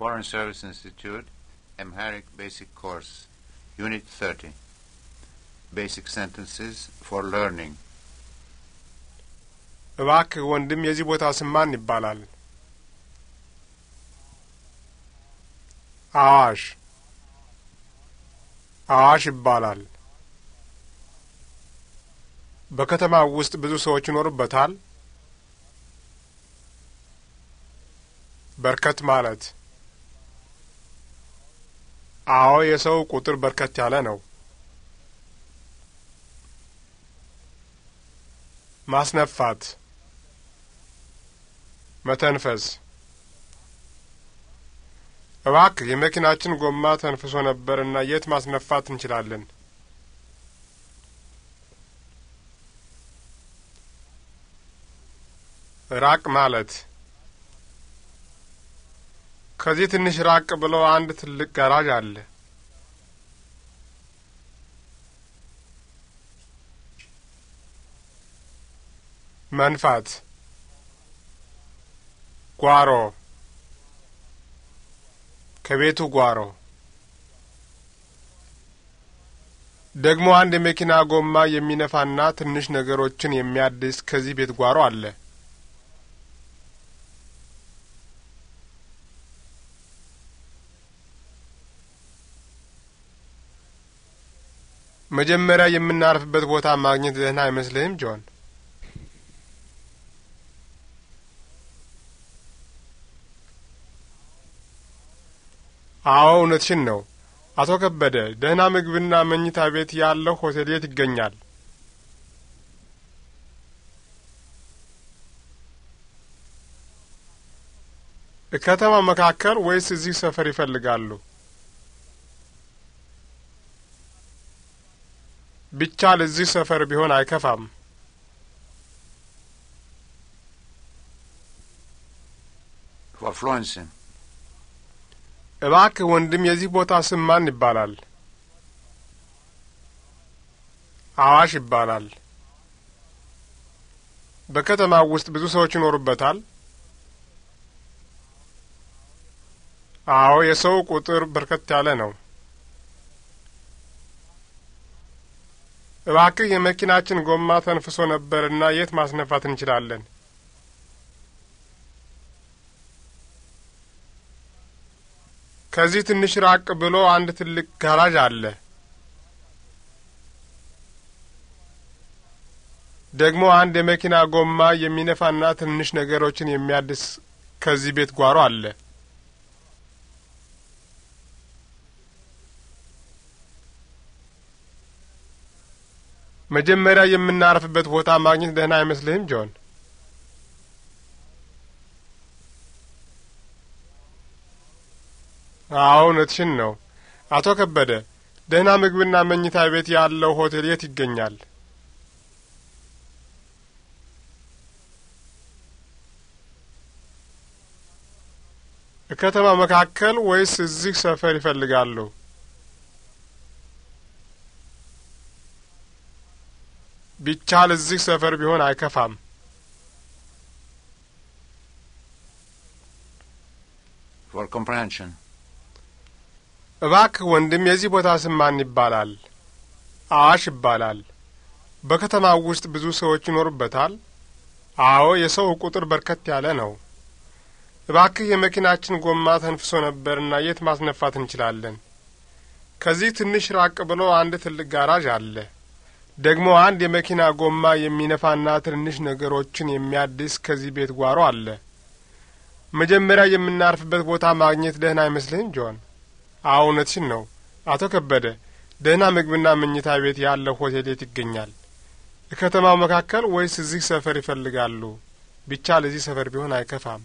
Foreign Service Institute, Amharic Basic Course, Unit 30. Basic Sentences for Learning. እባክህ ወንድም የዚህ ቦታ ስም ማን ይባላል? አዋሽ አዋሽ ይባላል። በከተማው ውስጥ ብዙ ሰዎች ይኖሩበታል። በርከት ማለት አዎ የሰው ቁጥር በርከት ያለ ነው። ማስነፋት፣ መተንፈስ። እባክህ የመኪናችን ጎማ ተንፍሶ ነበርና የት ማስነፋት እንችላለን? ራቅ ማለት ከዚህ ትንሽ ራቅ ብሎ አንድ ትልቅ ጋራዥ አለ። መንፋት፣ ጓሮ፣ ከቤቱ ጓሮ ደግሞ አንድ የመኪና ጎማ የሚነፋና ትንሽ ነገሮችን የሚያድስ ከዚህ ቤት ጓሮ አለ። መጀመሪያ የምናርፍበት ቦታ ማግኘት ደህና አይመስልህም ጆን? አዎ እውነትሽን ነው አቶ ከበደ። ደህና ምግብና መኝታ ቤት ያለው ሆቴል የት ይገኛል? ከተማ መካከል ወይስ እዚህ ሰፈር ይፈልጋሉ? ብቻ ለዚህ ሰፈር ቢሆን አይከፋም። እባክ እባክህ ወንድም፣ የዚህ ቦታ ስም ማን ይባላል? አዋሽ ይባላል። በከተማው ውስጥ ብዙ ሰዎች ይኖሩበታል? አዎ፣ የሰው ቁጥር በርከት ያለ ነው። እባክህ የመኪናችን ጎማ ተንፍሶ ነበርና የት ማስነፋት እንችላለን? ከዚህ ትንሽ ራቅ ብሎ አንድ ትልቅ ጋራዥ አለ። ደግሞ አንድ የመኪና ጎማ የሚነፋና ትንሽ ነገሮችን የሚያድስ ከዚህ ቤት ጓሮ አለ። መጀመሪያ የምናርፍበት ቦታ ማግኘት ደህና አይመስልህም ጆን? አዎ እውነትሽን ነው አቶ ከበደ። ደህና ምግብና መኝታ ቤት ያለው ሆቴል የት ይገኛል? ከተማ መካከል ወይስ እዚህ ሰፈር ይፈልጋሉ? ቢቻል እዚህ ሰፈር ቢሆን አይከፋም። እባክህ ወንድም የዚህ ቦታ ስም ማን ይባላል? አዋሽ ይባላል። በከተማው ውስጥ ብዙ ሰዎች ይኖሩበታል? አዎ፣ የሰው ቁጥር በርከት ያለ ነው። እባክህ የመኪናችን ጎማ ተንፍሶ ነበርና የት ማስነፋት እንችላለን? ከዚህ ትንሽ ራቅ ብሎ አንድ ትልቅ ጋራዥ አለ። ደግሞ አንድ የመኪና ጎማ የሚነፋና ትንንሽ ነገሮችን የሚያድስ ከዚህ ቤት ጓሮ አለ። መጀመሪያ የምናርፍበት ቦታ ማግኘት ደህና አይመስልህም ጆን? አዎ እውነትሽን ነው አቶ ከበደ። ደህና ምግብና መኝታ ቤት ያለው ሆቴል የት ይገኛል? ከተማው መካከል ወይስ እዚህ ሰፈር ይፈልጋሉ? ብቻ ለዚህ ሰፈር ቢሆን አይከፋም።